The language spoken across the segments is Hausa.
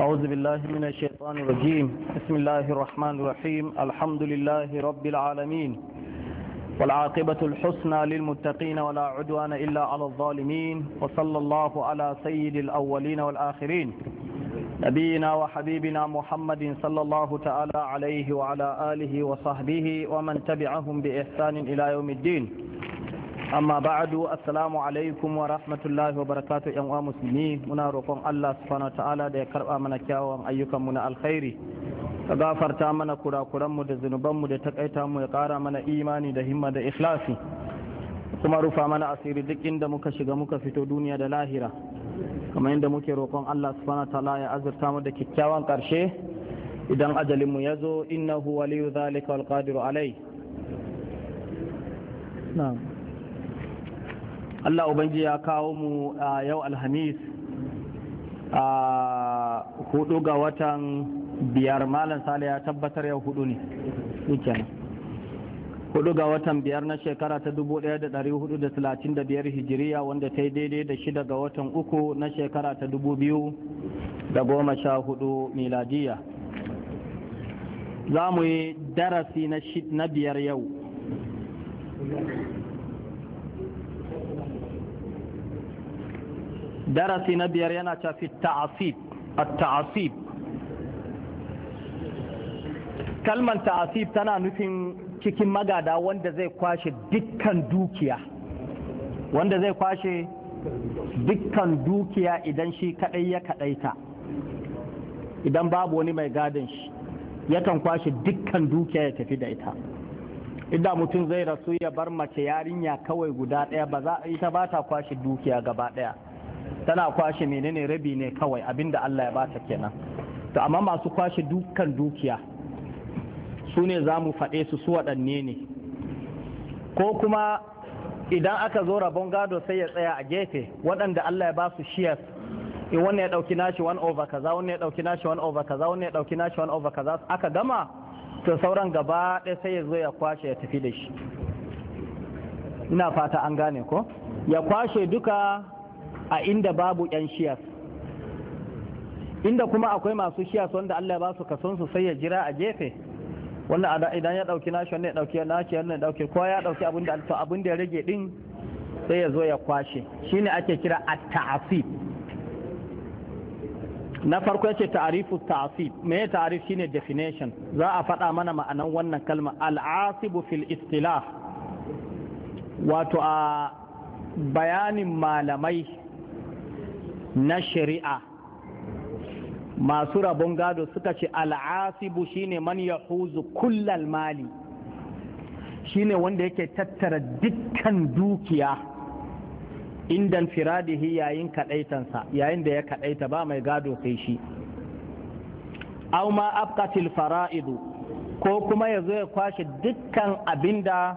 أعوذ بالله من الشيطان الرجيم بسم الله الرحمن الرحيم الحمد لله رب العالمين والعاقبة الحسنى للمتقين ولا عدوان إلا على الظالمين وصلى الله على سيد الأولين والآخرين نبينا وحبيبنا محمد صلى الله تعالى عليه وعلى آله وصحبه ومن تبعهم بإحسان إلى يوم الدين amma ba'adu assalamu alaikum wa rahmatullahi wa barakatu yan uwa musulmi muna roƙon Allah subhanahu ta'ala da ya karba mana kyawawan ayyukanmu na alkhairi ka gafarta mana kurakuranmu da zunubanmu da takaita mu ya ƙara mana imani da himma da ikhlasi kuma rufa mana asiri duk inda muka shiga muka fito duniya da lahira kamar yadda muke roƙon Allah subhanahu ta'ala ya azurta mu da kyakkyawan ƙarshe idan ajalinmu ya zo innahu waliyu zalika alqadiru alai Allah ubangi ya kawo mu a yau alhamis a hudu ga watan biyar malam sale ya tabbatar yau hudu ne hudu ga watan biyar na shekara ta 1435 hijiriya wanda ta yi daidai da shida ga watan uku na shekara ta 2014 miladiya za mu yi darasi na biyar yau darasi na biyar yana tafi ta'asib a taasib kalman ta'asib tana nufin cikin magada wanda zai kwashe dukkan dukiya wanda zai kwashe dukkan dukiya idan shi kadai ya kadaita idan babu wani mai gadin shi yakan kwashe dukkan dukiya ya tafi da ita idan mutum zai rasu ya bar mace yarinya kawai guda daya ba za ita ba ta kwashe dukiya gaba daya tana kwashe menene rabi ne kawai abinda Allah ya bata kenan to amma masu kwashe dukkan dukiya su ne za mu faɗe su su waɗanne ne ko kuma idan aka zo rabon gado sai ya tsaya a gefe waɗanda Allah ya ba su shiyar in eh, wannan ya ɗauki nashi one over kaza wannan ya ɗauki nashi one over kaza wannan ya ɗauki nashi one over kaza aka gama to sauran gaba ɗaya sai ya zo ya kwashe ya tafi da shi ina fata an gane ko ya kwashe duka a inda babu yan shiyas inda kuma akwai masu shiyas wanda Allah ba su kason su sai ya jira a gefe wannan idan ya dauki nashi wannan ya dauki nashi wannan ya dauki ko ya dauki abin da alfa abin da ya rage din sai ya zo ya kwashe shine ake kira at-ta'asib na farko yace ta'rifu ta'asib me ta'rif shine definition za a faɗa mana ma'anan wannan kalma al-asibu fil istilah wato a bayanin malamai na shari'a masu rabon gado suka ce al'asibu shine man ya huzu kullal mali shine wanda yake tattara dukkan dukiya indan firadihi yayin kadaitansa yayin da ya kadaita ba mai gado sai shi aw ma abqatil fara'idu ko kuma ya zo ya kwashe dukkan abinda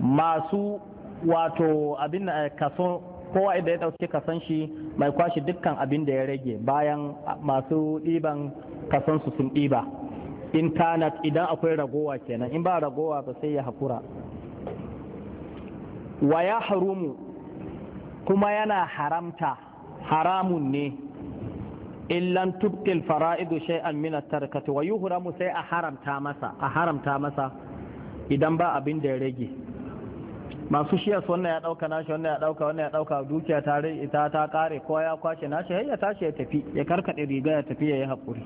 masu wato abin eh, kaso kowa idan ya ɗauki kasan shi mai kwashe dukkan abin da ya rage bayan masu ɗiban kasan su sun ɗiba in idan akwai ragowa kenan in ba ragowa ba sai ya haƙura wa ya harumu kuma yana haramta haramun ne illan tubtil fara'idu shay'an min at-tarkati wa yuhramu sai a haramta a haramta masa idan ba abin da ya rage masu shiyas wannan ya dauka nashi wannan ya dauka wannan ya dauka dukiya ta rai ita ta kare kowa ya kwace nashi har ya tashi ya tafi ya karkade riga ya tafi ya yi hakuri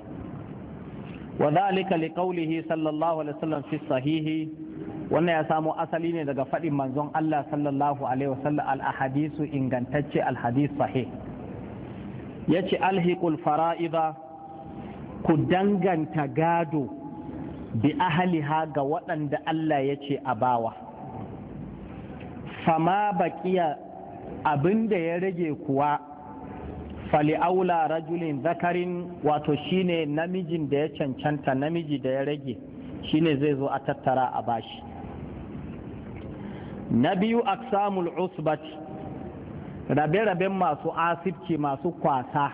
wa dhalika liqawlihi sallallahu alaihi wasallam fi sahihi wannan ya samo asali ne daga fadin manzon Allah sallallahu alaihi wasallam al ahadisu ingantacce al hadis sahih yace alhiqul fara'ida ku danganta gado bi ahliha ga waɗanda Allah yace a bawa fama baƙiya abin da ya rage kuwa fali fali'aula rajulin zakarin wato shine namijin da ya cancanta namiji da ya rage shine zai zo a tattara a bashi na biyu aksamul usbati rabe-raben masu asibci masu kwasa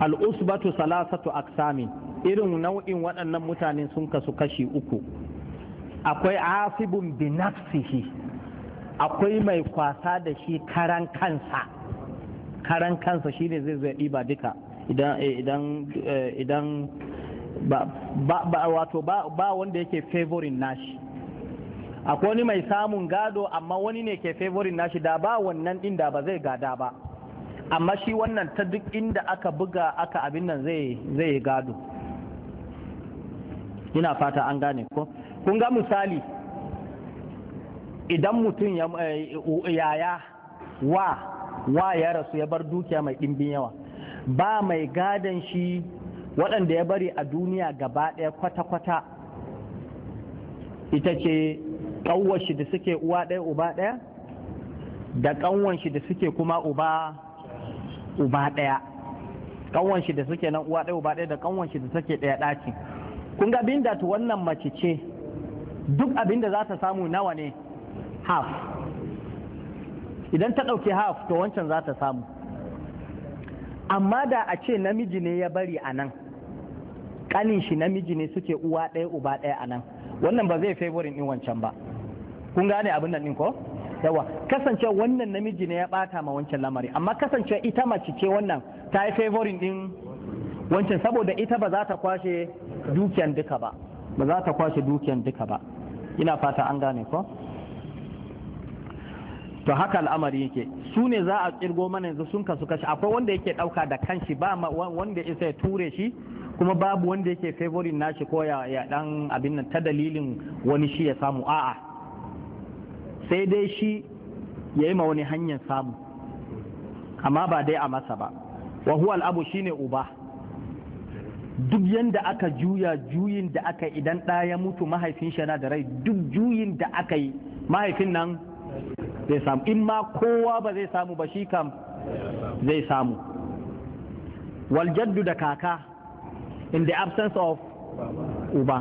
al'usbatu salasatu aksamin irin nau'in waɗannan mutane sun kasu kashi uku akwai asibun binafsihi akwai mai kwasa da shi karan kansa karan kansa shi ne zai zai ɗiba duka idan eh, eh, ba wato ba wanda yake favorin nashi akwai wani mai samun gado amma wani ne ke favorin nashi da ba wannan ɗin da ba zai gada ba amma shi wannan ta duk inda aka buga aka abin nan zai gado ina fata an gane ko kun ga misali idan mutum ya eh, yaya wa wa ya rasu ya bar dukiya mai ɗimbin yawa ba mai gadon shi waɗanda ya bari a duniya gaba ɗaya kwata-kwata ita ce ƙanwar shi da suke uwa ɗaya uba ɗaya da ƙanwan shi da suke kuma uba uba ɗaya ƙanwan shi da suke nan uwa ɗaya uba ɗaya da ƙanwan shi da suke ɗaya ɗakin kun ga binda wannan mace ce duk abin da za ta samu nawa ne half idan ta ɗauki half to wancan za ta samu amma da a ce namiji ne ya bari a nan ƙanin shi namiji ne suke uwa ɗaya uba ɗaya a nan wannan ba zai favorin ɗin wancan ba kun gane abin nan ɗin ko yawa kasance wannan namiji ne ya ɓata ma wancan lamari amma kasance ita mace ce wannan ta yi favorin ɗin wancan saboda ita ba za ta kwashe dukiyan duka ba ba za ta kwashe dukiyan duka ba ina fata an gane ko to haka al'amari yake su ne za a kirgo mana yanzu sun kasu kashi akwai wanda yake dauka da kanshi ba wanda isa ya ture shi kuma babu wanda yake favorin nashi ko ya, dan abin nan ta dalilin wani shi ya samu a'a sai dai shi ya yi ma wani hanyar samu amma ba dai a masa ba wa huwa al'abu shine uba duk yadda aka juya juyin da aka idan ɗaya mutu mahaifin shi da rai duk juyin da aka yi mahaifin nan zai samu in ma kowa ba zai samu ba shi kam zai samu waljaddu da kaka in the absence of uba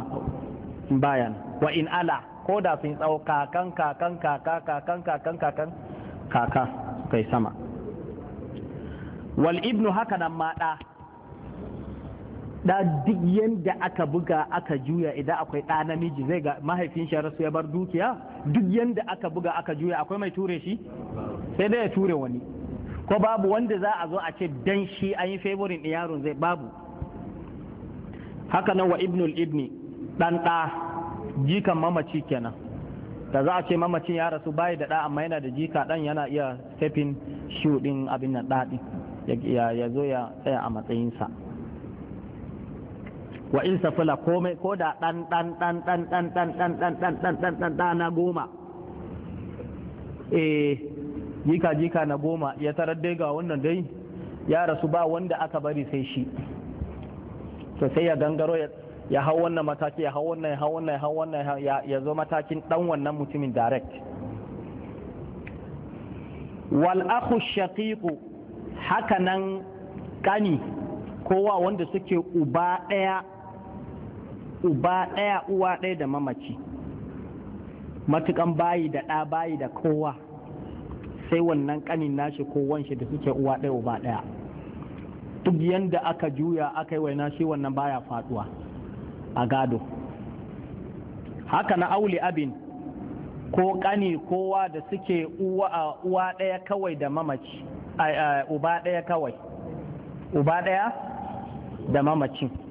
bayan wa in ala ko da sun tsawo kakan kakan kaka kakan kakan kakan kaka kai sama wal ibnu haka nan ma da da duk yadda aka buga aka juya idan akwai ɗa namiji zai ga mahaifin shi rasu ya bar dukiya duk yadda aka buga aka juya akwai mai ture shi sai dai ya ture wani ko babu wanda za a zo a ce dan shi an yi favorin ɗin yaron zai babu haka nan wa ibnul ibni ɗan ɗa jikan mamaci kenan da za a ce mamacin ya rasu bayi da ɗa amma yana da jika ɗan yana iya stepin shuɗin abin nan ɗaɗi ya zo ya tsaya a matsayinsa. wa in safala komai ko da dan dan dan dan dan dan dan dan dan dan dan dan dan na goma eh jika jika na goma ya tarar dai ga wannan dai ya rasu ba wanda aka bari sai shi to sai ya gangaro ya hau wannan mataki ya hau wannan ya hau wannan ya hau wannan ya zo matakin dan wannan mutumin direct wal akhu shaqiq haka nan kani kowa wanda suke uba daya uba ɗaya uwa ɗaya da mamaci matukan bayi da ɗa bayi da kowa sai wannan ƙanin nashi ko wanshi da suke uwa ɗaya uba ɗaya duk yanda aka juya aka yi waina shi wannan baya faduwa a gado haka na auli abin ko ƙani kowa da suke uwa ɗaya kawai da mamaci uba ɗaya kawai uba ɗaya da mamacin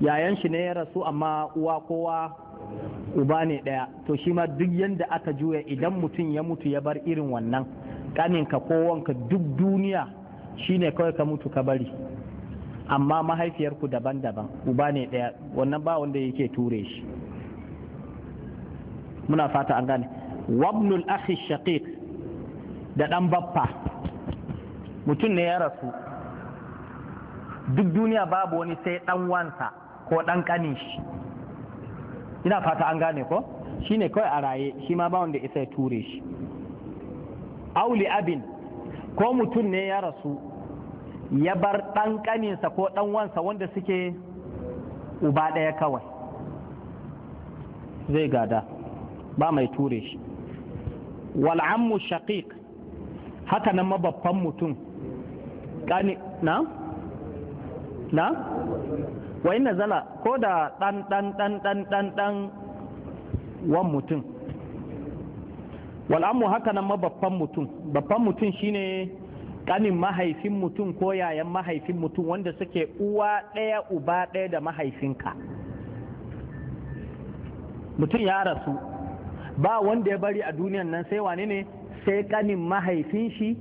yayan shi ne ya rasu amma uwa kowa uba ne ɗaya to shi ma duk yadda aka juya idan mutum ya mutu ya bar irin wannan kaninka ko wanka duk duniya shi ne kawai ka mutu ka bari amma mahaifiyarku daban-daban uba ne ɗaya wannan ba wanda yake ture shi muna fata an gane wabnul akhi shaqiq da ɗan baffa mutum ne ya rasu duk duniya babu wani sai ɗan wansa ko ɗan ƙanin shi ina fata an gane ko shi ne kawai a raye shi ma ba wanda isa ya ture shi auli abin ko mutum ne ya rasu ya bar ɗan ƙaninsa ko ɗan wansa wanda suke uba ɗaya kawai zai gada ba mai ture shi wal'ammu shaqiq haka nan mababban mutum ƙani na? na wa ina zala ko da dan dan dan dan dan dan wan mutum wal'amu haka nan ma babban mutum babban mutum shine kanin mahaifin mutum ko yayan mahaifin mutum wanda suke uwa ɗaya uba ɗaya da mahaifinka mutum ya rasu ba wanda ya bari a duniyan nan sai wane ne sai kanin mahaifin shi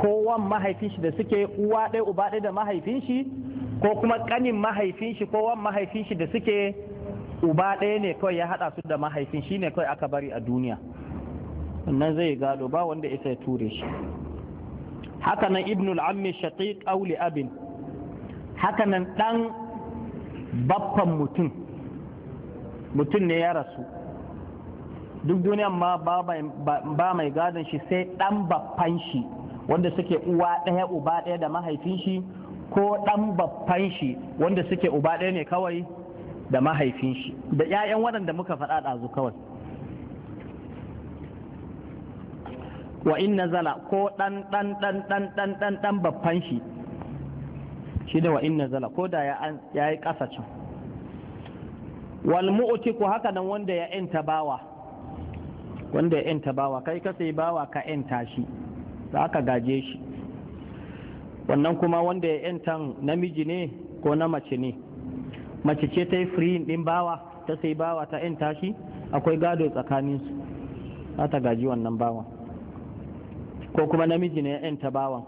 ko wan mahaifin shi da suke uwa ɗaya uba ɗaya da mahaifin shi ko kuma kanin mahaifin shi ko wan mahaifin shi da suke uba ɗaya ne kawai ya haɗa su da mahaifin shi ne kawai aka bari a duniya nan zai gado ba wanda isa ya ture shi haka nan ibnul ammi shaqiq auli abin haka nan ɗan baffan mutum mutum ne ya rasu duk duniyan ma ba mai gadon shi sai ɗan baffan shi wanda suke uwa ɗaya uba ɗaya da mahaifin shi ko ɗan babban shi wanda suke uba ɗaya ne kawai da mahaifin shi da 'ya'yan waɗanda muka faɗa ɗazu kawai wa in nazala ko ɗan ɗan ɗan ɗan ɗan ɗan ɗan babban shi shi da wa in nazala ko da ya yi ƙasa can wal mu'tiku haka nan wanda ya yanta bawa wanda ya yanta bawa kai ka sai bawa ka yanta shi za ka gaje shi wannan kuma wanda ya yantan namiji ne ko na mace ne mace ce ta yi firin ɗin bawa ta sai bawa ta yanta shi akwai gado tsakaninsu za ta gaji wannan bawa. ko kuma namiji ne ya yanta bawan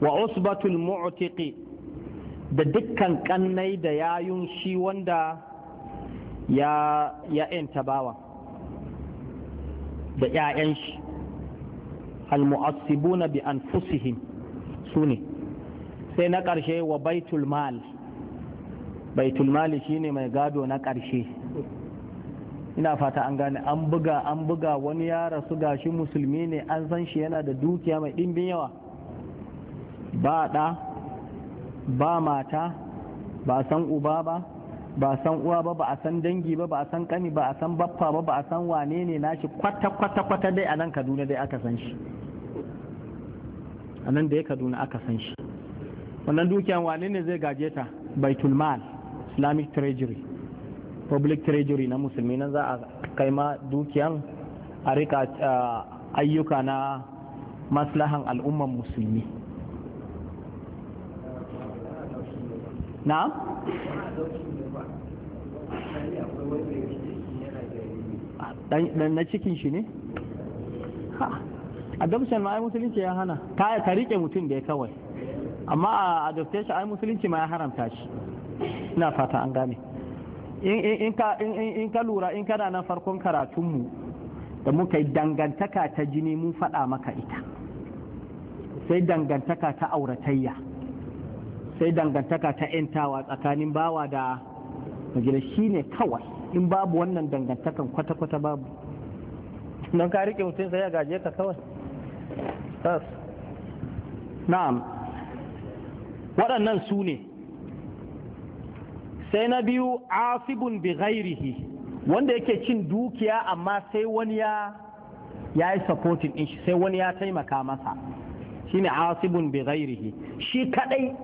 wa usbatul mu'tiqi da dukkan kannai da yayun shi wanda ya ya yanta bawa da 'ya'yan shi al mu'assibuna bi anfusihim su ne sai na ƙarshe wa baitul mal baitul mali shine mai gado na ƙarshe ina fata an gane an buga an buga wani ya rasu ga shi musulmi ne an san shi yana da dukiya mai ɗimbin yawa ba ɗa ba mata ba san uba ba ba san uwa ba ba a san dangi ba ba a san kani ba a san baffa ba ba a san wane ne nashi kwata kwata kwata dai a nan kaduna dai aka san shi a nan da ya kaduna aka san shi wannan dukiyan wane ne zai gaje ta baitul mal islamic treasury public treasury na musulmi nan za a kai ma dukiyan a rika ayyuka na maslahan al'umman musulmi na dan na cikin shi ne ha adoption ma ai musulunci ya hana ka ka rike mutum da ya kawai amma a adoption ai musulunci ma ya haramta shi ina fata an gane in ka in ka lura in kana nan farkon karatunmu da muka yi dangantaka ta jini mun faɗa maka ita sai dangantaka ta auratayya sai dangantaka ta 'yantawa tsakanin bawa da magida shi ne kawai in babu wannan dangantakan kwata-kwata babu don ka rike mutum sai ya gaje ka kawai na'am waɗannan su ne sai na biyu asibun bi ghairihi wanda yake cin dukiya amma sai wani ya ya yi supporting din shi sai wani ya taimaka masa shine asibun bi ghairihi shi kadai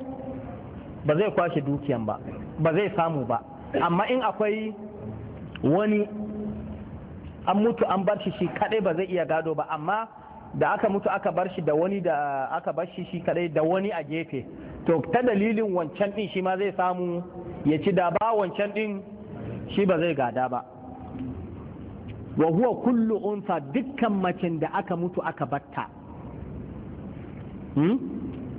ba zai kwashe dukiyan ba ba zai samu ba amma in akwai wani an mutu an bar shi shi kadai ba zai iya gado ba amma da aka mutu aka bar shi da wani da aka bar shi shi kadai da wani a gefe to ta dalilin wancan din shi ma zai samu ya ci da ba wancan din shi ba zai gada ba wa huwa kullu unsa dukkan macin da aka mutu aka batta hmm?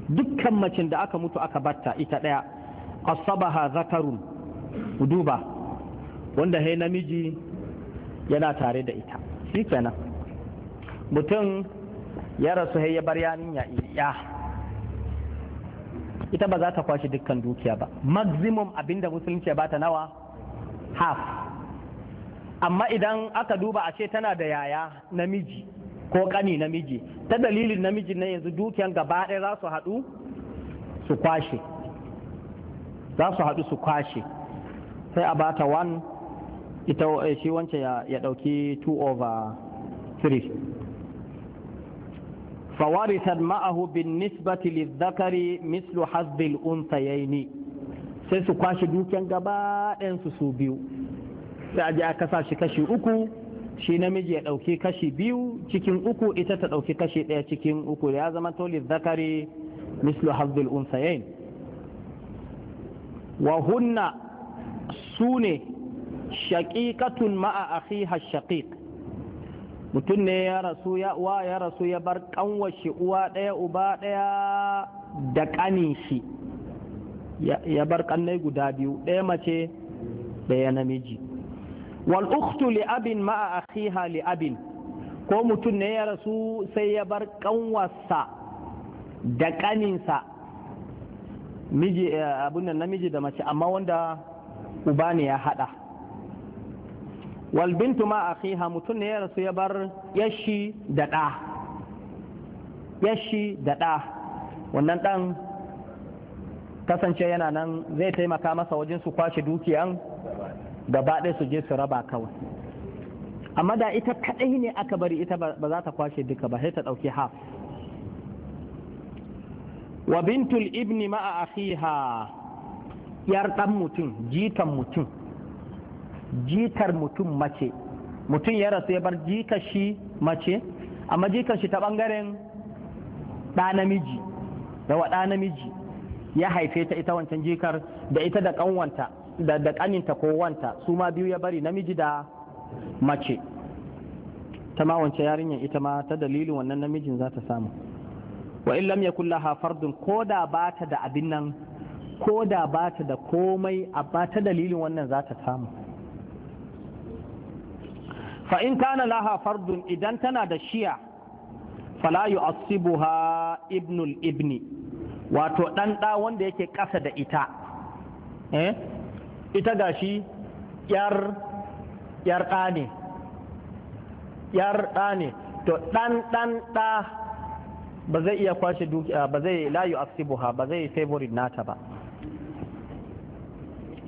dukkan macin da aka mutu aka batta ita daya asabaha zakarun uduba wanda hai namiji yana tare da ita shi kenan mutum ya rasu ya bar yarinya ya ita ba za ta kwashe dukkan dukiya ba maximum abinda musulunci ba ta nawa half amma idan aka duba a ce tana da yaya namiji ko kani namiji ta dalilin namijin na yanzu dukiyan gaba ɗaya za su haɗu su kwashe za su haɗu su kwashe sai a bata one ita eh, shi wancan ya ɗauki two over three. fawarisar ma'ahu bin nisbati lizzakari mislu hasbil unsayaini sai su kwashe dukiyan gaba su biyu sai a a kasa shi kashi uku shi namiji ya ɗauki kashi biyu cikin uku ita ta ɗauki kashi ɗaya cikin uku ya zama to lizzakari mislu hasbil unsayain wa hunna su ne shaƙiƙatun ma'a akhiha shaƙiƙ mutum ne ya rasu ya uwa ya rasu ya bar kanwashi uwa ɗaya uba ɗaya da ƙanin shi ya bar kannai guda biyu ɗaya mace ɗaya namiji wal uktu li abin ma'a akhiha li abin ko mutum ne ya rasu sai ya bar kanwarsa da ƙaninsa miji eh, abin namiji da mace amma wanda uba ne ya haɗa wal bintu ma akhiha mutum ne ya rasu ya bar yashi da ɗa yashi da ɗa wannan ɗan kasance yana nan zai taimaka masa wajen su kwashe dukiyan gaba ɗaya su je su raba kawai amma da ita kaɗai ne aka bari ita ba za ta kwashe duka ba sai ta ɗauki haf wa bintul ibni ma'a akhiha yar ɗan mutum jitan mutum jitar mutum mace mutum ya rasu ya bar jikar shi mace amma jikar shi ta bangaren ɗa namiji da wa ɗa namiji ya haife ta ita wancan jikar da ita da ƙanwanta da da ƙaninta ko wanta su ma biyu ya bari namiji da mace ta ma wancan yarinyar ita ma ta dalilin wannan namijin za ta samu wa in lam yakul laha fardun da ba ta da abin nan da ba ta da komai a ba ta dalilin wannan za ta samu fa in kana laha fardun idan tana da shiya fala yu'assibuha ibnul ibni wato dan da wanda yake kasa da ita eh ita gashi yar yar da ne yar da ne to dan dan da ba zai iya kwashe dukiya ah, ba zai la yu'assibuha ba zai favorite nata ba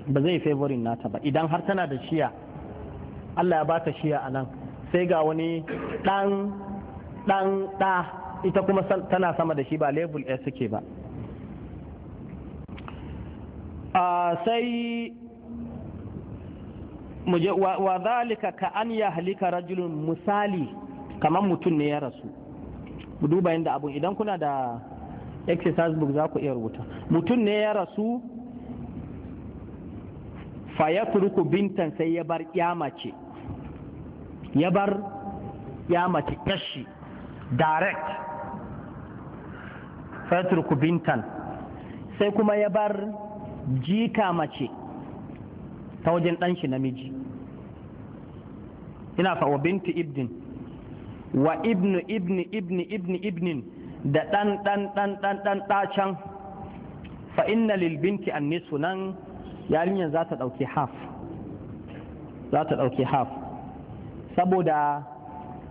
ba zai favorin nata ba idan har tana da shiya Allah ya ba ta shiya a nan sai ga wani ɗan ɗan ɗa ita kuma tana sama da shi ba level ɗaya suke ba sai wa zalika ka an ya halika rajulun misali kamar mutum ne ya rasu duba yadda abu idan kuna da exercise book za ku iya rubuta mutum ne ya rasu fa ya bintan sai ya bar mace ya bar ya mace kashi direct faturku bintan sai kuma ya bar jika mace ta wajen ɗanshi namiji ina fa bintu wa ibnu ibni ibni ibni ibnin da ɗan ɗan ɗan ɗan ɗan ɗacen fa inna binti an nisu nan yarinyar za ta ɗauki za ta ɗauki haf saboda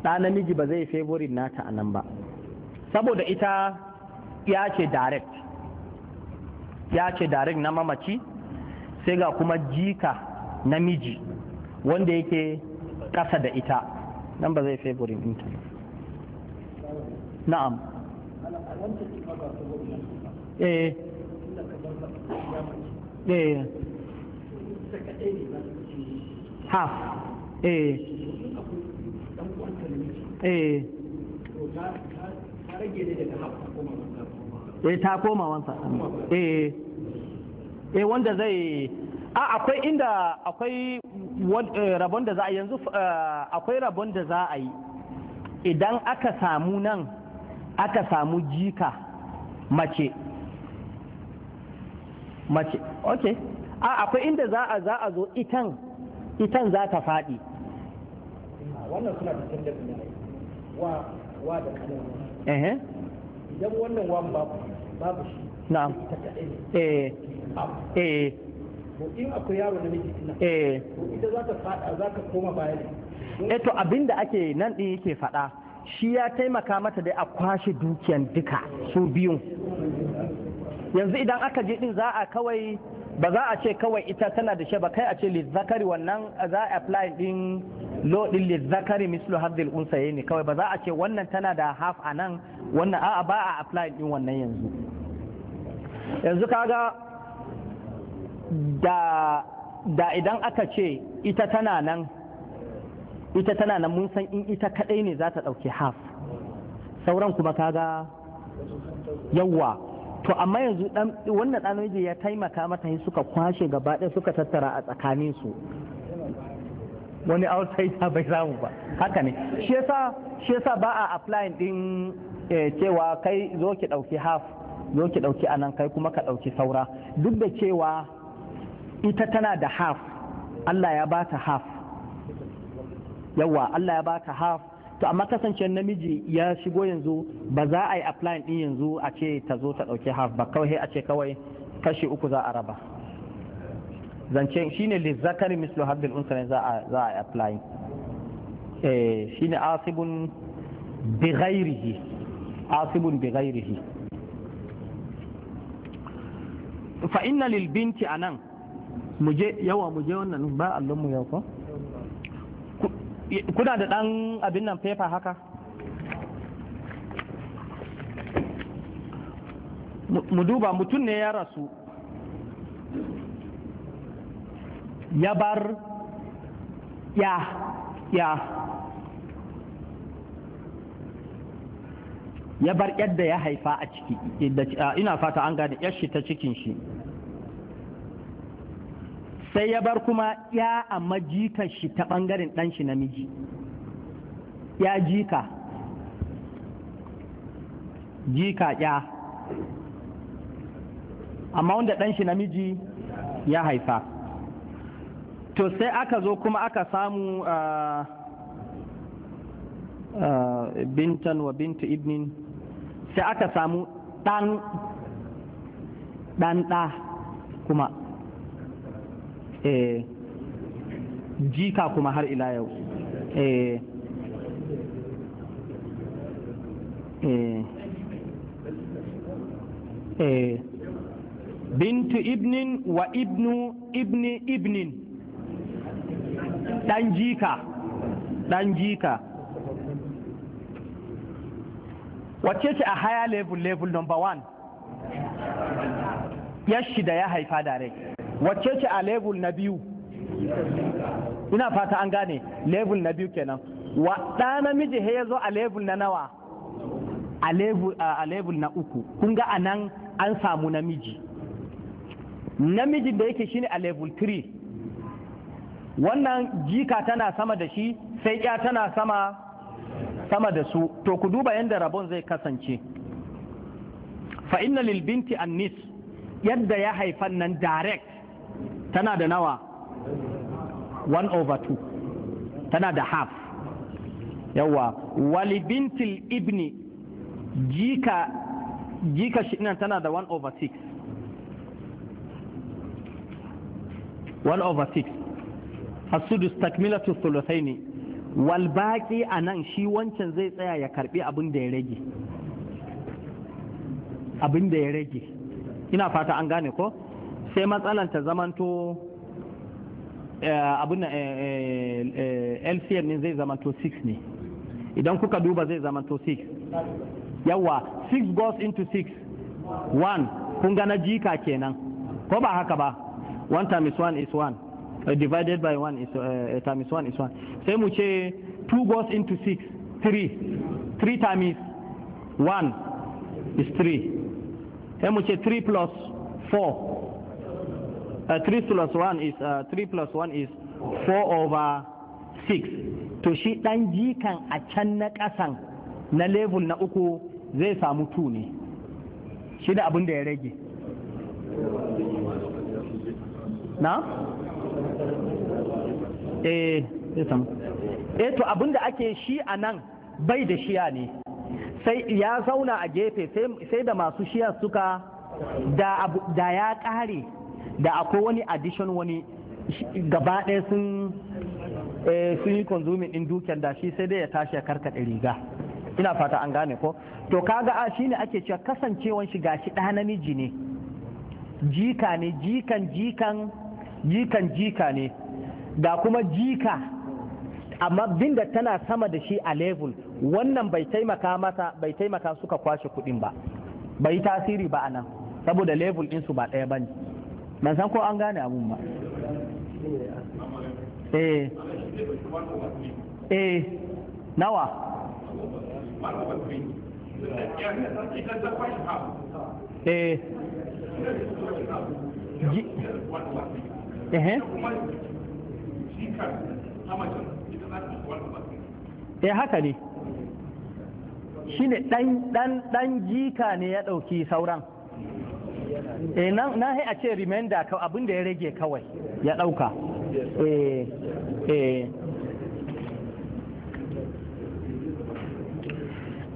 ɗa namiji ba zai favorin nata a nan ba saboda ita ya ce direct ya ce direct na mamaci sai ga kuma jika namiji wanda yake ƙasa da ita nan ba zai favorin ɗinta na'am eh eh half eh eh ta koma wansa eh eh wanda zai a akwai inda akwai eh, rabon da za a yanzu eh, akwai rabon da za a yi idan aka samu nan aka samu jika mace mace ok a akwai inda za a za a zo itan itan za ta faɗi wannan suna da wa wa da kanin eh idan wannan wan babu babu shi na'am eh eh in akwai yaro na miji eh ita za ta fada za ka koma baya ne. eh to abinda ake nan din yake fada shi ya taimaka mata dai a kwashe dukiyan duka su biyun yanzu idan aka je din za a kawai ba za a ce kawai ita tana da shi ba kai a ce zakari wannan za a apply din lo din zakari mislu hadil ne kawai ba za a ce wannan tana da half anan wannan a'a ba a apply din wannan yanzu yanzu kaga da da idan aka ce ita tana nan ita tana nan mun san in ita kadai ne za ta dauke half sauran kuma kaga yawa to amma yanzu wannan ɗan ya taimaka mata suka kwashe gaba ɗaya suka tattara a tsakaninsu wani outsider bai samu ba haka ne shi yasa ba a applying din eh, cewa kai zo ki dauki half zo ki dauki anan kai kuma ka dauki saura duk da cewa ita tana da half Allah ya ba ta half yawa Allah ya ba ta half to amma kasancewar namiji ya shigo yanzu ba za a yi applying din yanzu a ce ta zo ta dauki half ba kawai a ce kawai kashi uku za a raba zance shine lizzakari mislu haddil unsa za a za a apply eh, shi ne asibun bighairihi asibun bi fa inna lil binti anan muje yawa muje wannan ba allon mu yau ko kuna da dan abin nan paper haka mu duba mutum ne ya rasu ya bar ya ya ya bar yadda ya haifa a ciki ina fata an gane yashi ta cikin shi sai ya bar kuma ya amma majikan shi ta ɓangaren dan shi namiji ya jika jika ya amma wanda dan shi namiji ya haifa to sai aka zo kuma aka samu bintan wa bintu ibnin sai aka samu ɗan ɗan ɗa kuma eh, jika kuma har ila yau eh, eh, bintu ibnin wa ibnu ibni ibnin ɗan jika ɗan jika wacce ce a higher level level number one yashi da ya haifa da rai wacce ce a level na biyu ina fata an gane level na biyu kenan wa ɗa namiji ya zo a level na nawa a level na uku kun ga a nan an samu namiji namijin da yake shine a level 3 wannan jika tana sama da shi sai ya tana sama sama da su to ku duba yadda rabon zai kasance fa inna lil binti annis yadda ya haifan nan direct tana da nawa 1 over 2 tana da half yawa wali bintil ibni jika jika shi nan tana da 1 over 6 1 over 6 as-sudus takmilatu thuluthaini wal a anan shi wancan zai tsaya ya karbi abin da ya rage abin da ya rage ina fata an gane ko sai matsalan zamanto eh, eh, eh, LCM ne zai zamanto 6 ne idan kuka duba zai zamanto 6 yawa 6 goes into 6 1 kun gana jika kenan ko ba haka ba 1 times 1 is 1 Uh, divided by 1 is uh, times 1 is 1 sai mu ce 2 goes into 6 3 3 times 1 is 3 sai mu ce 3 plus 4 uh, 3 plus 1 is uh, 3 plus 1 is 4 over 6 to shi dan jikan a can na kasan na level na uku zai samu 2 ne shi da abin da ya rage na? eh zai eh to abinda ake shi a nan bai da shiya ne sai ya zauna a gefe sai da masu shiya suka da ya kare da akwai wani addition wani gaba ɗaya sun eh, sun yi consuming din dukiyar da shi sai dai ya tashi ya karkaɗe riga ina fata an gane ko to kaga a shine ake cewa kasancewan shi gashi ɗa namiji ne jika ne jikan jikan jikan jika ne da kuma jika amma binda tana sama da shi a level wannan bai taimaka masa bai taimaka suka kwashe kuɗin ba bai tasiri ba anan saboda level ɗinsu ba ɗaya ba ne ban san ko an gane abun ba eh eh nawa eh eh eh haka ne shi ne ɗan jika ne ya ɗauki sauran eh na a ce remainder ka abin da ya rage kawai ya ɗauka eh eh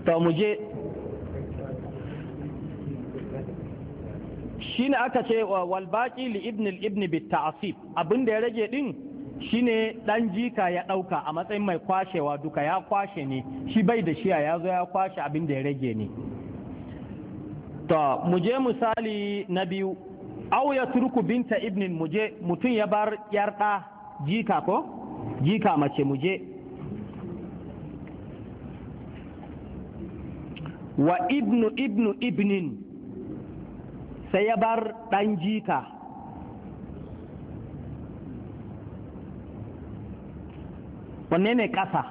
to mu je ne aka ce wal baqi li ibn al ibn bit ta'asib abin da ya rage din Shi ne ɗan jika ya ɗauka a matsayin mai kwashewa duka ya kwashe ne shi bai da shiya ya zo ya kwashe abin da ya rage ne to muje misali na biyu au ya turku binta ibnin muje mutum ya bar yarda jika ko jika mace muje wa ibnu ibnu ibnin sai ya bar ɗan jika wanne ne ƙasa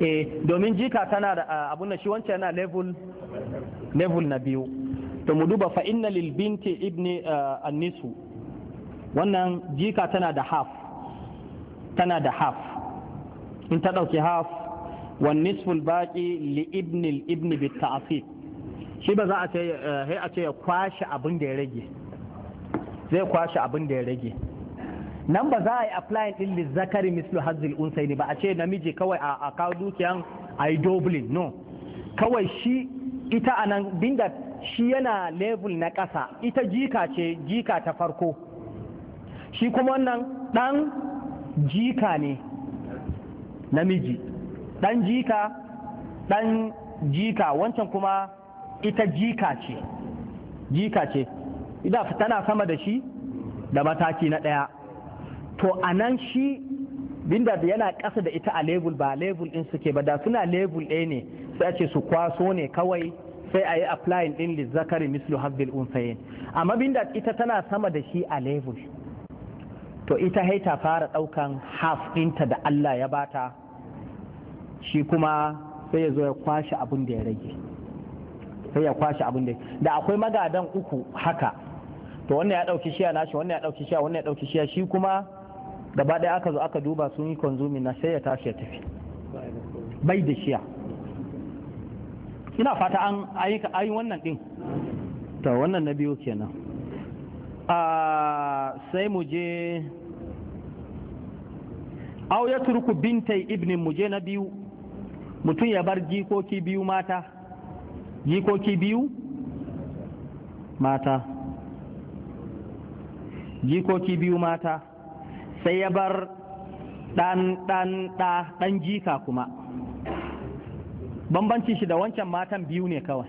eh domin jika tana da abun da shi wancan yana level level na biyu to mu duba fa inna lil binti ibni annisu wannan jika tana da half tana da half in ta ɗauki half wan nisful baqi li ibni al ibni bi ta'fif shi ba za a ce eh, a ce ya kwashi abin da ya rage zai kwashi abin da ya rage nan ba za a yi applying din lizzakari mislu hazil ne ba a ce namiji kawai a kawo dukiyan a yi dublin no kawai shi ita a nan shi yana level na ƙasa ita jika ce jika ta farko shi kuma wannan ɗan jika ne namiji ɗan jika ɗan jika wancan kuma ita jika ce jika ce idan tana sama da shi da mataki na ɗaya to a nan shi binda da yana ƙasa da ita a label ba label ɗin suke ba da suna label ɗaya ne sai a ce su kwaso ne kawai sai a yi applying ɗin Zakari mislu hazbil unsayin amma binda ita tana sama da shi a label to ita hai ta fara ɗaukan half ɗinta da Allah ya bata shi kuma sai ya zo ya kwashe abin da ya rage sai ya kwashe abin da da akwai magadan uku haka to wannan ya ɗauki shiya nashi wannan ya ɗauki shiya wannan ya ɗauki shiya shi kuma gaba ɗaya aka zo aka duba sun yi konzumi na sai ya tashi ya tafi bai da shiya ina fata an ayi wannan ɗin ta wannan na biyu kenan a sai mu je au ya turku bintai ibnin mu je na biyu mutum ya bar jikoki biyu mata jikoki biyu mata jikoki biyu mata sai ya bar ɗan ɗan ɗa ɗan jika kuma bambanci shi da wancan matan biyu ne kawai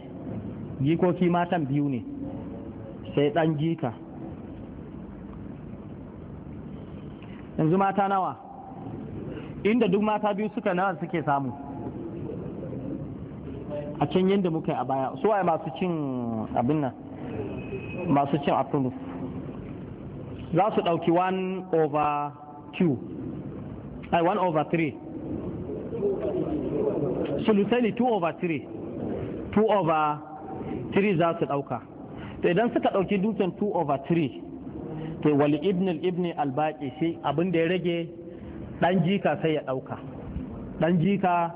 jikoki matan biyu ne sai ɗan jika yanzu mata nawa inda duk mata biyu suka nawa suke samu a can yadda muka yi a baya su waye masu cin abin nan masu cin afirka za su ɗauki 1 over 2 ai 1 over 3 sulusani 2 over 3 2 over 3 za su ɗauka to idan suka ɗauki dutsen 2 over 3 to wali ibn al-ibni ibn baqi sai abin da ya rage dan jika sai ya ɗauka dan jika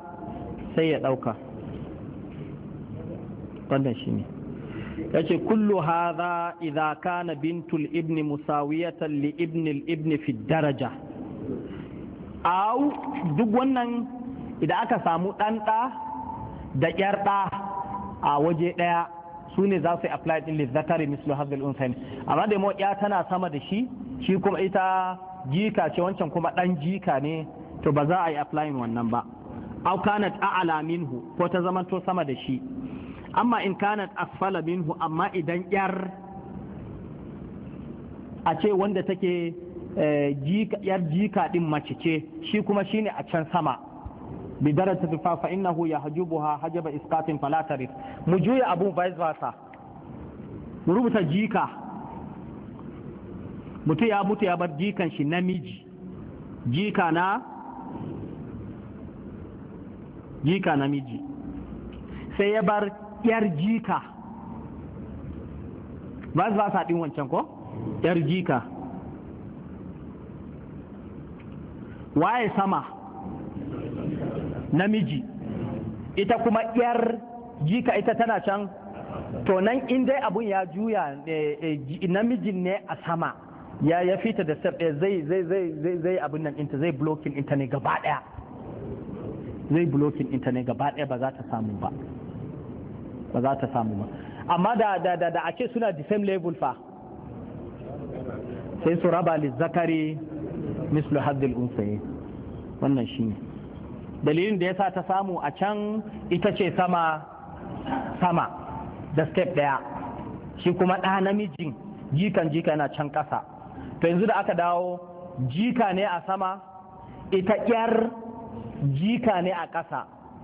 sai ya ɗauka wannan shine ne yace kullu hadha idza kana bintul ibn musawiyatan li ibn al ibn fi daraja aw duk wannan idan aka samu dan da da yar da a waje daya su ne za su yi apply din lizzakari mislu hadhal unsayn amma da ya tana sama da shi shi kuma ita jika ce wancan kuma dan jika ne to ba za a yi applying wannan ba aw kanat a'la minhu ko ta zamanto sama da shi amma in kanat asfala minhu amma idan yar a ce wanda take eh, yar jika din mace ce shi kuma shine a can sama bi darata fa fa innahu yahjubuha hajaba iskatin fala tarif mu juya abu vice versa mu rubuta jika mutu ya mutu ya bar jikan shi namiji jika na jika namiji sai ya bar yar jika ba ba su haɗin wancan ko yar jika waye sama namiji ita kuma yar jika ita tana can to nan in dai abun ya juya eh, eh, namijin ne a sama ya ya fita da step eh, zai zai zai zai zai abun nan inta zai blocking internet gaba daya zai blocking internet gaba daya ba za ta samu ba ba za ta samu ba amma da da da, da a ce suna the same level fa sai su raba li zakari mislu haddil unsayi wannan shi ne. dalilin da yasa ta samu a can ita ce sama sama da step daya shi kuma ɗa namijin jikan jika yana can ƙasa to yanzu da aka dawo jika ne a sama ita ƙyar jika ne a ƙasa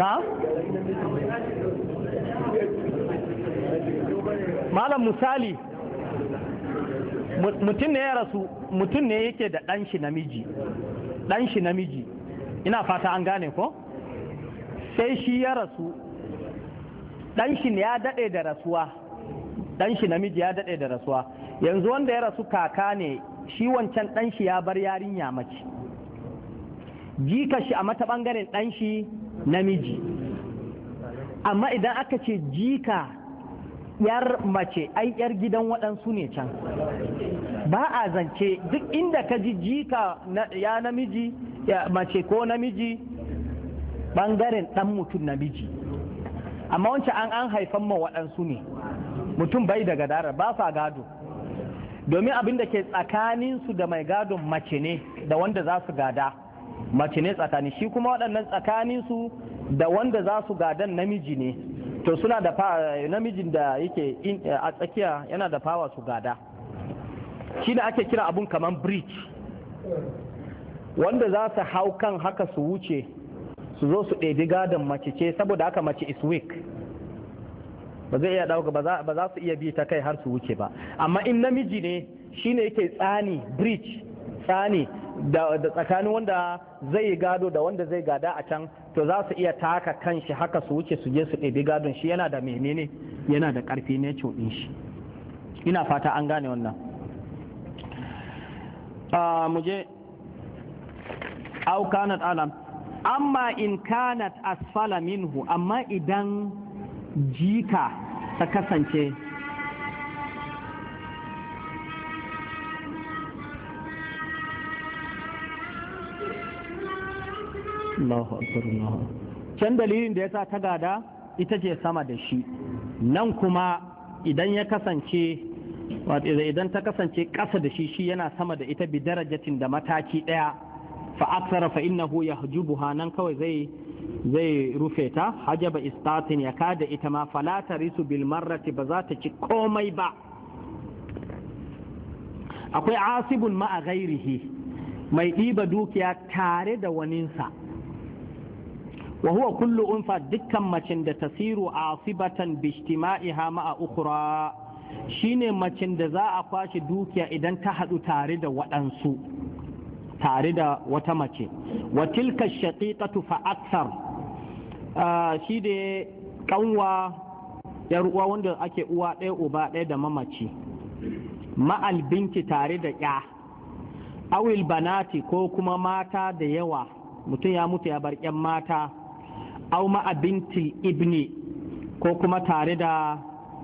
na malam misali mutum ne ya rasu mutum ne yake da ɗanshi namiji ɗanshi namiji ina fata an gane ko sai shi ya rasu ɗanshi ne ya dade da rasuwa ɗanshi namiji ya dade da rasuwa yanzu wanda ya rasu kaka ne shi wancan ɗanshi ya bar yarinya mace jika shi a mata ɓangaren ɗanshi namiji amma idan aka ce jika yar mace ai yar gidan waɗansu ne can ba a zance duk inda ka ji jika ya namiji ya mace ko namiji ɓangaren ɗan mutum namiji amma wancan an an haifan ma waɗansu ne mutum bai daga dara ba sa gado domin abin da ke tsakaninsu da mai gadon mace ne da wanda za su gada mace ne tsakani shi kuma waɗannan tsakanin su da wanda za su gadan namiji ne to suna da namijin da yake a tsakiya yana da fawa su gada shi da ake kira abun kamar bridge wanda za su hau kan haka su wuce su zo su ɗebi gadon mace ce saboda haka mace is weak ba zai iya dauka ba za su iya bi ta kai har su wuce ba amma in namiji ne shi ne yake tsani bridge tsani da tsakanin wanda zai yi gado da wanda zai gada a can to za su iya taka kan shi haka su wuce su je su ɗebi gadon shi yana da menene yana da ƙarfi ne cuɗin shi ina fata an gane wannan ah, mu je au alam amma in kanat asfala minhu amma idan jika ta kasance Allahu akbar can dalilin da ya sa ta gada ita ce sama da shi nan kuma idan ya kasance idan ta kasance ƙasa da shi shi yana sama da ita bi darajatin da mataki ɗaya fa aksara fa innahu yahjubuha nan kawai zai zai rufe ta hajaba istatin ya kada ita ma fala tarisu bil marrati ba za ta ci komai ba akwai asibun ma'a gairihi mai ɗiba dukiya tare da waninsa wa huwa kullu unfa dukkan macin da a asibatan bi ijtima'iha ma'a ukhra shine macin da za a kwashe dukiya idan ta hadu tare da waɗansu tare da wata mace wa tilka shaqiqatu fa akthar shi da kanwa yar uwa wanda ake uwa ɗaya uba ɗaya da mamaci ma'al binti tare da ya awil banati ko kuma mata da yawa mutum ya mutu ya bar 'yan mata ma ma'a bintil ibni ko kuma tare da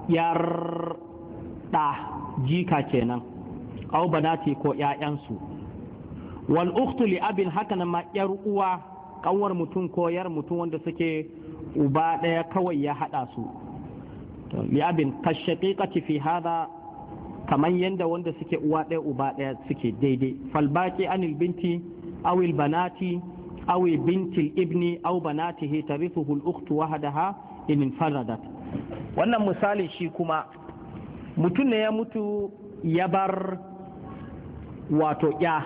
yar jika kenan au banati ko ‘ya'yansu wal uktu li abin haka nan ma ‘yar uwa kawar mutum ko ‘yar mutum wanda suke uba ɗaya kawai ya haɗa su li abin kashaqiqati fi hada kamar yadda wanda suke uwa ɗaya uba ɗaya suke daidai fal baqi anil binti awil banati أو بنت الابن أو بناته ترثه الأخت وحدها إن انفردت wannan misalin shi kuma mutum ne ya mutu ya bar wato ya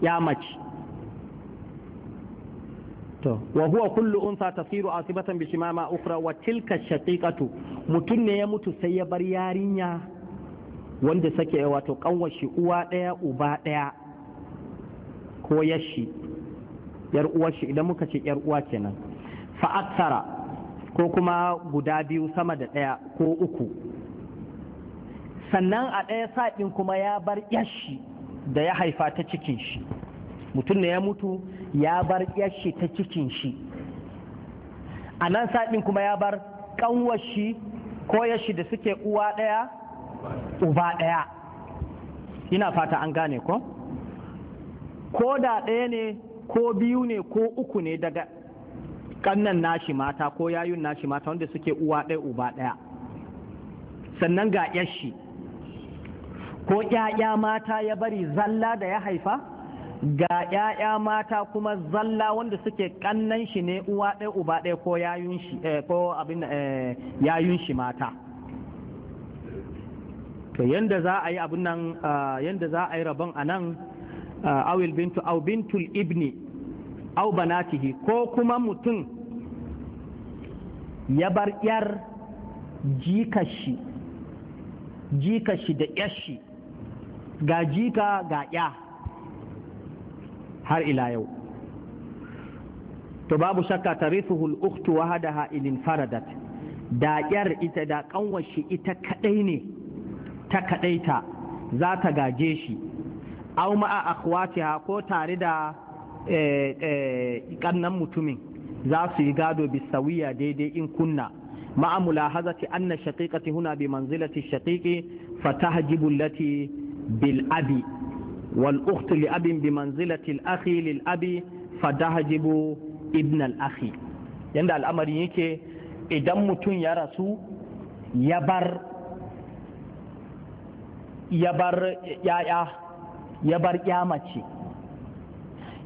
ya mace to wa huwa kullu unsa tasiru asibatan bi shimama ukhra wa tilka shaqiqatu mutum ne ya mutu sai ya bar yarinya wanda sake wato kanwashi uwa daya uba ɗaya ko yashi yar uwar shi idan muka ce yar uwa kenan fa aksara ko kuma guda biyu sama da ɗaya ko uku sannan a ɗaya saɗin kuma ya bar yashi da ya haifa ta cikin shi mutum ne ya mutu ya bar yashi ta cikin shi a nan saɗin kuma ya bar ƙanwar shi ko yashi da suke uwa ɗaya uba ɗaya ina fata an gane ko ko da ɗaya ne ko biyu ne ko uku ne daga kannan nashi mata ko yayun nashi mata wanda suke uwa ɗaya uba ɗaya sannan ga yashi ko ƴaƴa mata ya bari zalla da ya haifa ga ƴaƴa mata kuma zalla wanda suke kannan shi ne uwa ɗaya uba ɗaya ko yayun shi eh, ko abin eh, yayun shi mata to yanda za a yi abin nan ah, yanda za a yi rabon a nan awil bintu aw bintul ibni aw banatihi ko kuma mutum ya bar yar jikashi jikashi da yashi ga jika ga ya har ila yau to babu shakka tarithuhu al-ukhtu hadaha in faradat da yar ita da kanwar shi ita kadai ne ta kadaita za ta gaje shi au ma'a akwatiha ko tare da kannan eh, eh, mutumin za su yi gado bisawiya daidai in kunna ma'a mulahazati anna shaqiqati huna bi manzilati shaqiqi fatahjibu allati bil abi wal uktu li abin bi manzilati al akhi lil abi fatahjibu ibn al akhi yanda al'amarin yake idan mutum ya rasu ya bar ya bar ya'ya ya bar mace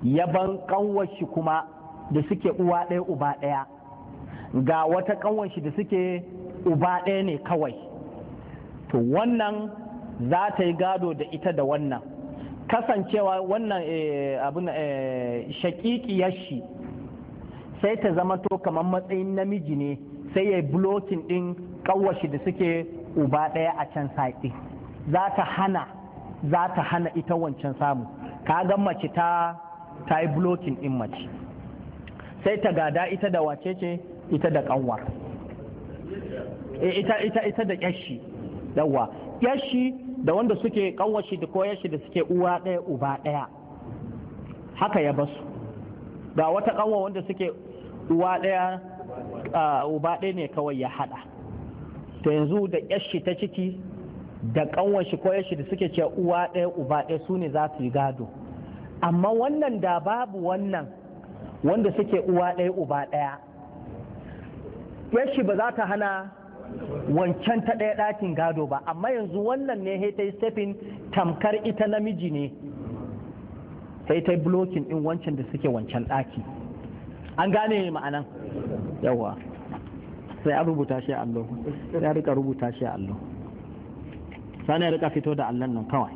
ya bar ƙanwarshi kuma da suke uwa ɗaya uba ɗaya ga wata ƙanwarshi da suke uba ɗaya ne kawai to wannan za ta yi gado da ita da wannan kasancewa wannan eh, abin eh, shi sai ta zama to kamar matsayin namiji ne sai ya yi blokin ɗin ƙanwarshi da suke uba ɗaya a can saƙi za ta hana za ta hana ita wancan samu ka ga mace ta ta yi blocking in mace sai ta gada ita da wace ce ita da kanwar eh, ita ita ita da yashi yawa yashi da wanda suke kanwashi da ko da suke uwa ɗaya uba ɗaya haka ya basu ga wata kanwa wanda suke uwa ɗaya uba ɗaya ne kawai ya hada Ta yanzu da yashi ta ciki da kanwan shi ko yashi da suke cewa uwa ɗaya uba ɗaya su ne za su yi gado amma wannan da babu wannan wanda suke uwa ɗaya uba ɗaya yashi ba za ta hana wancan ta ɗaya ɗakin gado ba amma yanzu wannan ne ta yi stepin tamkar ita namiji ne sai ta yi blokin ɗin wancan da suke wancan ɗaki an gane ma'anan yawa sai an rubuta shi allo ya rika rubuta shi allo sani ya rika fito da allon nan kawai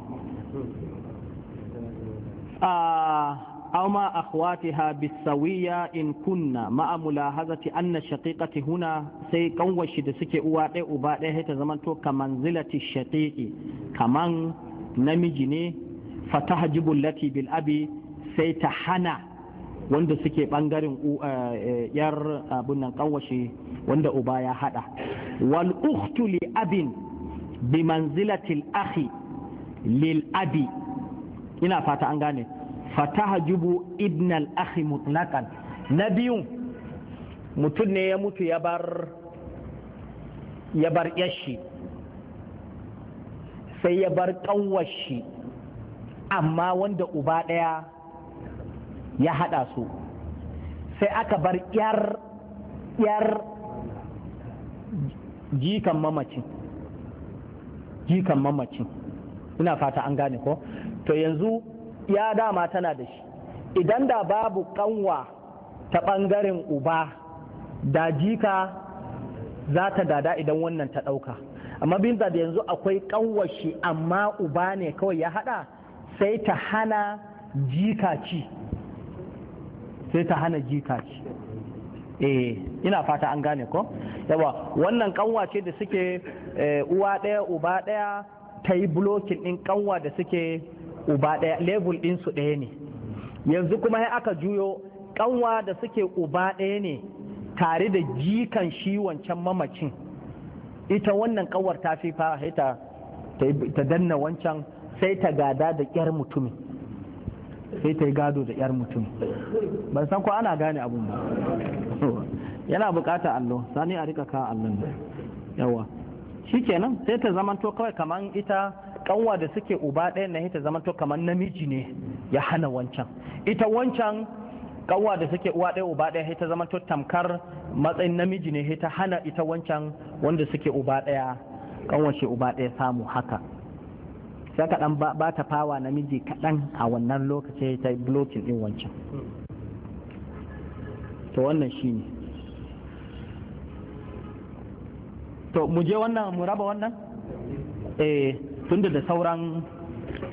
أو ما أخواتها بالسوية إن كنا مع ملاحظة أن الشقيقة هنا سيكون وشد سكي أواتي أباتي هي تزمنتو كمنزلة الشقيق كمان نمجني فتحجب التي بالأبي سيتحنى wanda suke bangaren yar abun nan kanwashi wanda uba ya hada wal ukhtu li abin bi manzilatil akhi lil abi ina fata an gane Fataha jubu al akhi mutlaqan na biyu mutum ne ya mutu ya bar ya bar yashi sai ya bar shi, amma wanda uba ɗaya ya haɗa su sai aka bar yar yar jikan mamacin jikan mamaci ina fata an gane ko to yanzu ya dama tana da shi idan da babu kanwa ta bangaren uba da jika za ta dada idan wannan ta ɗauka amma bin da yanzu akwai kanwar shi amma uba ne kawai ya hada, sai ta hana jika ci sai ta hana jika ci eh ina fata an gane ko yawa wannan kanwa ce da suke eh, uwa ɗaya uba ɗaya ta yi blokin ɗin kanwa da suke uba ɗaya level ɗin su ɗaya ne yanzu kuma sai aka juyo kanwa da suke uba ɗaya ne tare da jikan shi wancan mamacin ita wannan kanwar ta fi fara ta danna wancan sai ta gada da ƙyar mutumin sai ta yi gado da yar mutum ban san ko ana gane abun ba yana bukata allo sani a rika ka allon da yawa shikenan sai ta zamanto kawai kaman ita kanwa da suke uba ɗaya na ta zamanto kaman namiji ne ya hana wancan ita wancan kanwa da suke uwa ɗaya uba ɗaya ta zamanto tamkar matsayin namiji ne ta hana ita wancan wanda suke uba ɗaya kanwa shi uba ɗaya samu haka sai ka dan ba ta fawa namiji kaɗan a wannan lokacin ta yi blokin din wancan to wannan shi ne, to mu je wannan mu raba wannan eh tunda da sauran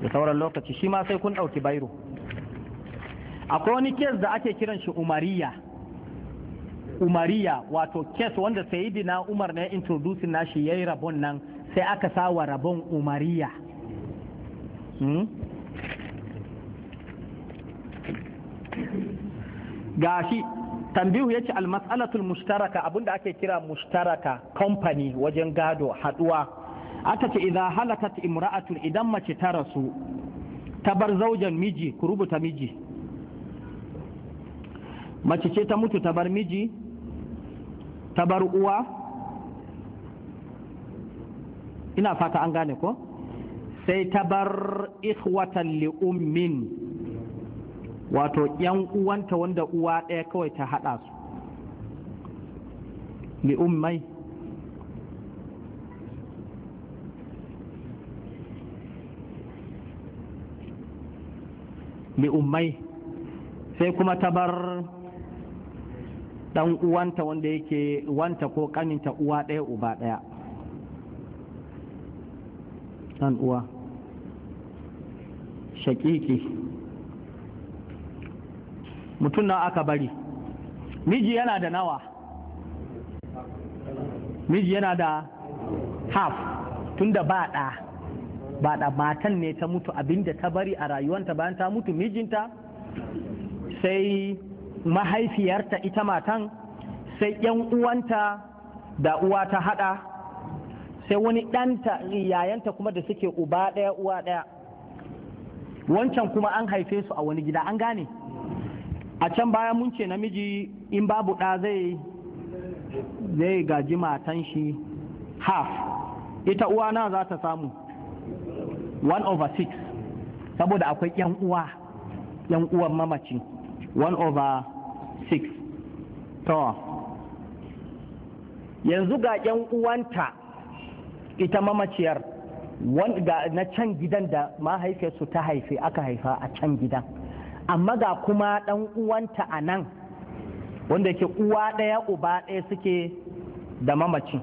da sauran lokaci shi ma sai kun ɗauki bairo akwai wani kes da ake kiran shi umariya umariya wato kes wanda sayidina umar na introducing nashi yayi rabon nan sai aka sawa rabon umariya Hmm? gashi tambihu yace al-mas'alatul mushtaraka abinda ake kira mushtaraka company wajen gado haduwa aka ce idan halakat imra'atu idan mace ta rasu ta bar zaujan miji ku rubuta miji mace ce ta mutu ta bar miji ta bar uwa ina fata an gane ko sai ta bar ikhwatan li ummin wato yan uwanta wanda uwa ɗaya kawai ta haɗa su li ummai li ummai sai kuma ta bar ɗan uwanta wanda yake wanta ko kaninta uwa ɗaya uba ɗaya ɗan uwa shakiki mutum na aka bari miji yana da nawa miji yana da half tunda ba ɗa ba ɗa matan ne ta mutu abinda ta bari a rayuwanta bayan ta mutu mijinta sai mahaifiyarta ita matan sai yan uwanta da uwa ta haɗa. sai wani ɗanta yayanta kuma da suke uba ɗaya uwa ɗaya wancan kuma an haife su a wani gida an gane a can baya mun ce namiji in babu ɗa zai zai gaji matan shi half ita uwa na za ta samu 1 over 6 saboda akwai yan uwa yan uwan mamaci 1 over 6 to yanzu ga yan uwanta ita mamaciyar na can gidan da mahaifiyarsu ta haifi aka haifa a can gidan amma ga kuma ɗan uwanta a nan wanda ke uwa ɗaya uba ɗaya suke da mamacin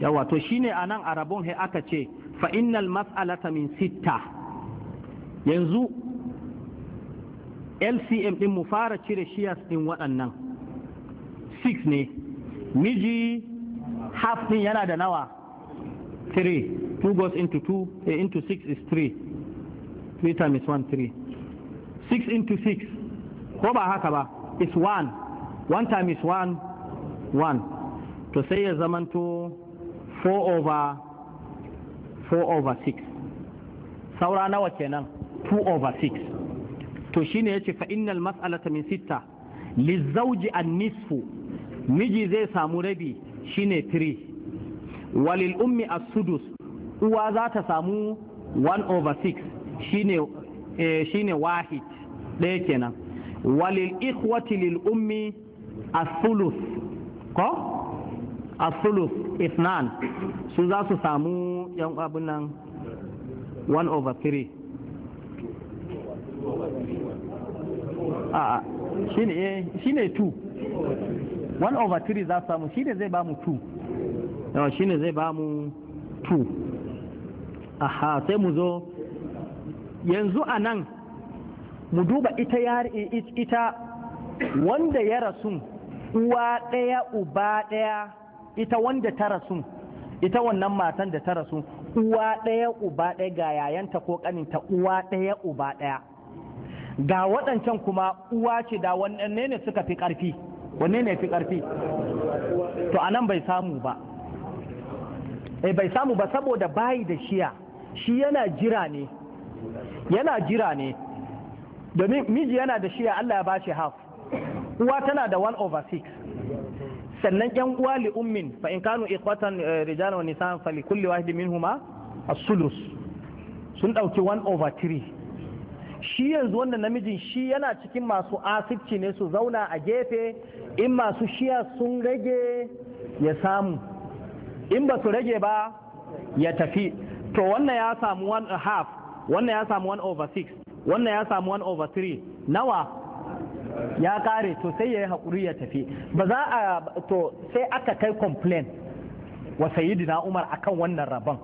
yawa to shine a nan a rabon aka ce Fa'inal mas'alata min sitta yanzu lcm ɗin mu fara cire shiyas ɗin waɗannan 6 ne miji half din yana da nawa 3 2 goes into 2 eh, into 6 is 3 3 times 1 3 6 into 6 ko ba haka ba is 1 1 times 1 1 to sai ya zamanto 4 over 4 over 6 saura nawa kenan 2 over 6 to shine yace fa innal mas'alata min sitta lizawji an miji zai samu rabi shine 3 walil ummi as-sudus uwa za ta samu 1 over 6 shine eh, shine wahid ɗaya kenan walil ikhwati lil ummi as-sulus ko as-sulus isnan su za su samu yan abun nan 1 over 3 shine eh, shine 2 one over three za su samu shi ne zai ba mu two shi ne zai ba mu two aha sai mu zo yanzu a nan mu duba ita ita wanda ya rasu uwa ɗaya uba ɗaya ita wanda ta rasu ita wannan matan da ta rasu uwa ɗaya uba ɗaya ga yayanta ko ƙaninta uwa ɗaya uba ɗaya ga waɗancan kuma uwa ce da wannan ne suka fi ƙarfi wanne ne fi ƙarfi to a nan bai samu ba eh bai samu ba saboda bayi da shiya shi yana jira ne yana jira ne domin miji yana da shiya Allah ya bashi half uwa tana da 1 over 6 sannan yan uwa li ummin fa in kanu ikhwatan eh, rijalan wa nisaan fa li kulli wahidin minhuma as-sulus sun dauki 1 over 3 shi yanzu wannan namijin shi yana cikin masu asibci ne su zauna a gefe in masu shiya sun rage ya samu in ba su rage ba ya tafi to wannan ya samu one a half wannan ya samu one over six wannan ya samu one over three nawa ya kare to sai ya yi haƙuri ya tafi ba za a to sai aka kai complain wa sayidina umar akan wannan rabon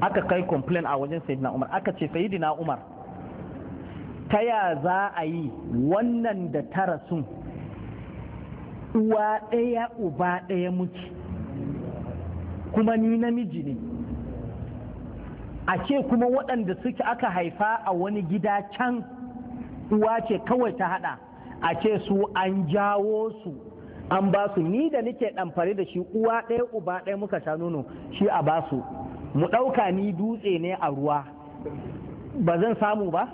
aka kai complain a wajen sayidina umar aka ce sayidina umar ta ya za a yi wannan da tara sun uwa ɗaya uba ɗaya muke kuma ni namiji ne a ce kuma waɗanda suke aka haifa a wani gida can uwa ce kawai ta haɗa a ce su an jawo su an ba su ni da nake ɗamfare da shi uwa ɗaya uba ɗaya muka sha nono shi a ba su mu ɗauka ni dutse ne a ruwa ba zan samu ba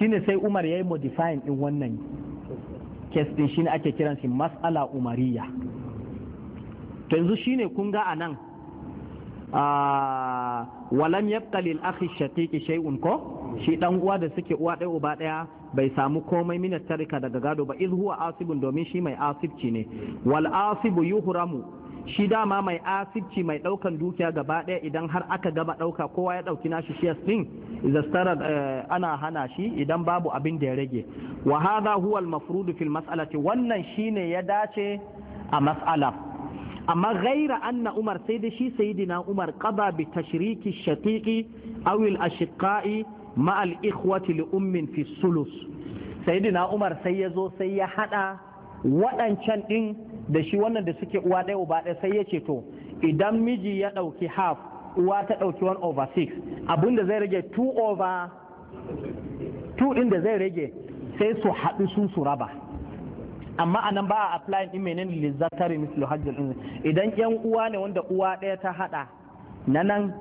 shine sai umar ya yi modifying din wannan kes din shine ake kiran shi mas'ala umariya to yanzu shine kun ga anan nan walam yabqa lil akhi shaqiqi shay'un ko shi dan uwa da suke uwa ɗaya uba ɗaya bai samu komai min tarika daga gado ba iz huwa asibun domin shi mai asib ne wal asibu yuhramu shi dama mai asibci mai daukan dukiya gaba ɗaya idan har aka gama dauka kowa ya dauki nashi shi din zastara eh, ana hana shi idan babu abin da ya rage wa hadha huwa al-mafrud fil mas'alati wannan shine ya dace a mas'ala amma ghaira anna umar sai da shi sayyidina umar qada bi tashriki shaqiqi aw al-ashqa'i ma al-ikhwati li ummin fi sulus sayyidina umar sai ya zo sai ya hada waɗancan din da shi wannan da suke uwa ɗaya uba ɗaya sai ya ce to idan miji ya ɗauki half uwa ta ɗauki 1 over 6 abinda zai rage 2 over 2 ɗin da zai rage sai su haɗu su su raba amma a nan ba a apply ɗin menen lizzatari mislu hajjal idan yan uwa ne wanda uwa ɗaya ta haɗa na nan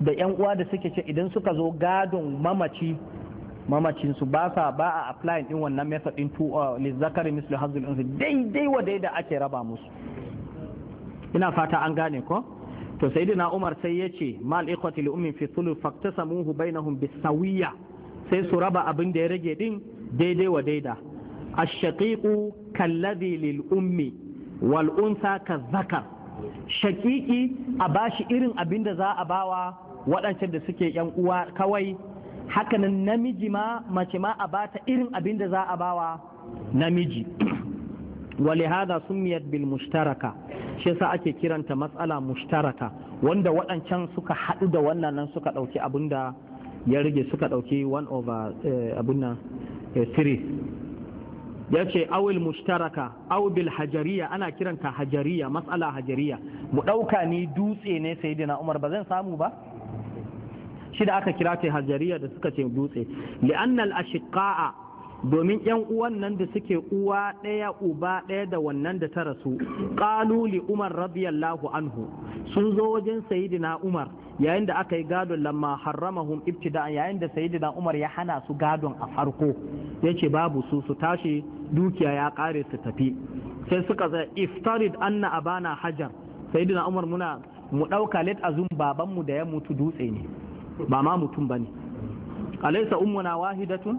da yan uwa da suke ce idan suka zo gadon mamaci su ba sa ba a apply din wannan method din to uh, lizzakari mislu hazul unsi daidai wa da ake raba musu ina fata an gane ko to sayyidina Umar sai yace mal ikwati li ummi fi thuluth faktasamuhu bainahum bisawiya sai su raba abin da ya rage din daidai wa daida ash-shaqiqu kalladhi lil ummi wal unsa ka zakar shaqiqi a bashi irin abin da za a bawa waɗancan da suke yan uwa kawai hakanan namiji ma mace ma a bata irin abin da za a bawa namiji walihada sumiyat bil mushtaraka shi yasa ake kiranta matsala mushtaraka wanda waɗancan suka haɗu da wannan nan suka ɗauki abin ya rage suka ɗauki 1 over eh, abin nan 3 eh, ya ce awil mushtaraka aw bil hajariya ana kiranta hajariya matsala hajariya mu ɗauka ni dutse ne sai umar ba zan samu ba shi da aka kira ta hajariya da suka ce dutse li'annal ashiqa'a domin yan uwan nan da suke uwa ɗaya uba ɗaya da wannan da ta rasu qalu li umar radiyallahu anhu sun zo wajen sayyidina umar yayin da aka yi gadon lamma harramahum ibtida yayin da sayyidina umar ya hana su gadon a farko yace babu su su tashi dukiya ya kare su tafi sai suka zai iftarid anna abana hajar sayyidina umar muna mu ɗauka let azum babanmu da ya mutu dutse ne ba ma mutum bane alaysa ummuna wahidatun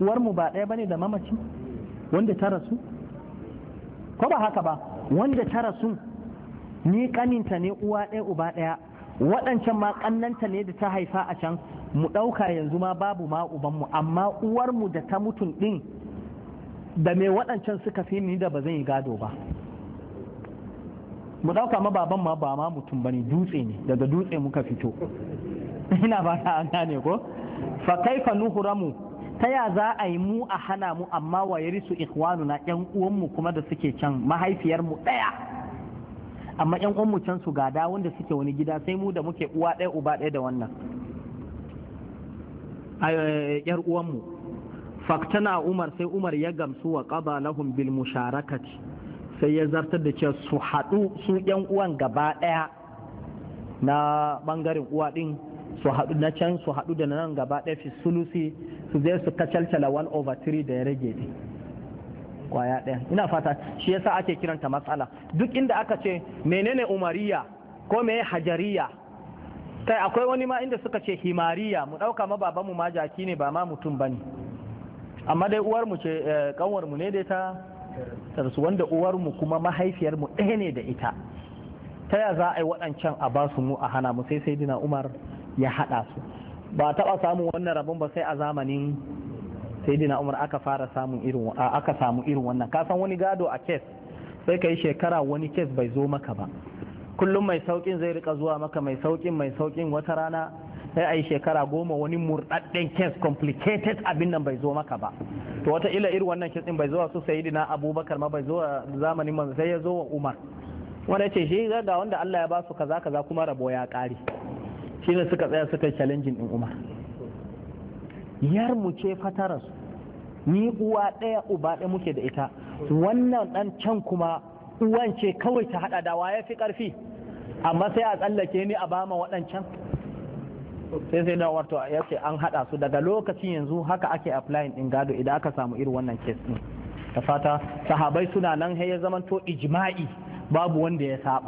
uwar mu ba ɗaya bane da mamaci wanda ta rasu ko ba haka ba wanda ta rasu ni kaninta ne uwa ɗaya uba ɗaya waɗancan ma ƙannanta ne da ta haifa a can mu ɗauka yanzu ma babu ma ubanmu amma uwar mu da ta mutum ɗin da me waɗancan suka fi ni da ba zan yi gado ba mu ɗauka ma baban ma ba ma mutum ba ne dutse ne daga dutse muka fito ina ba ta an gane ko fa kaifa nuhramu ta ya za a yi mu a hana mu amma wa yarisu na yan uwanmu kuma da suke can mahaifiyar mu daya amma yan uwanmu can su gada wanda suke wani gida sai mu da muke uwa ɗaya uba ɗaya da wannan yar uwanmu faktana umar sai umar ya gamsu wa qaba lahum bil musharakati sai ya zartar da cewa su haɗu su yan uwan gaba ɗaya na ɓangaren uwa ɗin su haɗu na can su haɗu da nan gaba ɗaya fi sulusi su zai su kacalcala 1 over 3 da ya rage ne kwaya ɗaya ina fata shi yasa ake kiranta matsala duk inda aka ce menene umariya ko me hajariya kai akwai wani ma inda suka ce himariya mu ɗauka ma baban mu ma jaki ne ba ma mutum ba ne amma dai uwar mu ce kanwar eh, mu ne dai ta tarsu wanda uwar mu kuma mahaifiyar mu ɗaya ne da ita ta ya za a yi waɗancan a basu mu a hana mu sai sai dina umar ya haɗa su ba taɓa samun wannan rabon ba sai a zamanin saidina umar aka fara samun irin aka samu irin wannan ka san wani gado a kes sai ka yi shekara wani kes bai zo maka ba kullum mai saukin zai rika zuwa maka mai saukin mai saukin wata rana sai a yi shekara goma wani murɗaɗɗen kes complicated abin nan bai zo maka ba to wata ila irin wannan kes din bai zo su saidina abubakar ma bai zo zamanin manzo sai ya zo wa umar wanda ce shi ga wanda Allah ya ba su kaza kaza kuma rabo ya ƙare shi ne suka tsaya suka challenge din umar yar mu ce fataras ni uwa ɗaya uba ɗaya muke da ita wannan dan can kuma uwan ce kawai ta haɗa da waye fi ƙarfi amma sai a tsallake ni a bama waɗancan sai sai na wato ya ce an haɗa su daga lokacin yanzu haka ake applying ɗin gado idan aka samu irin wannan kes din da fata sahabai suna nan ya zamanto ijma'i babu wanda ya saba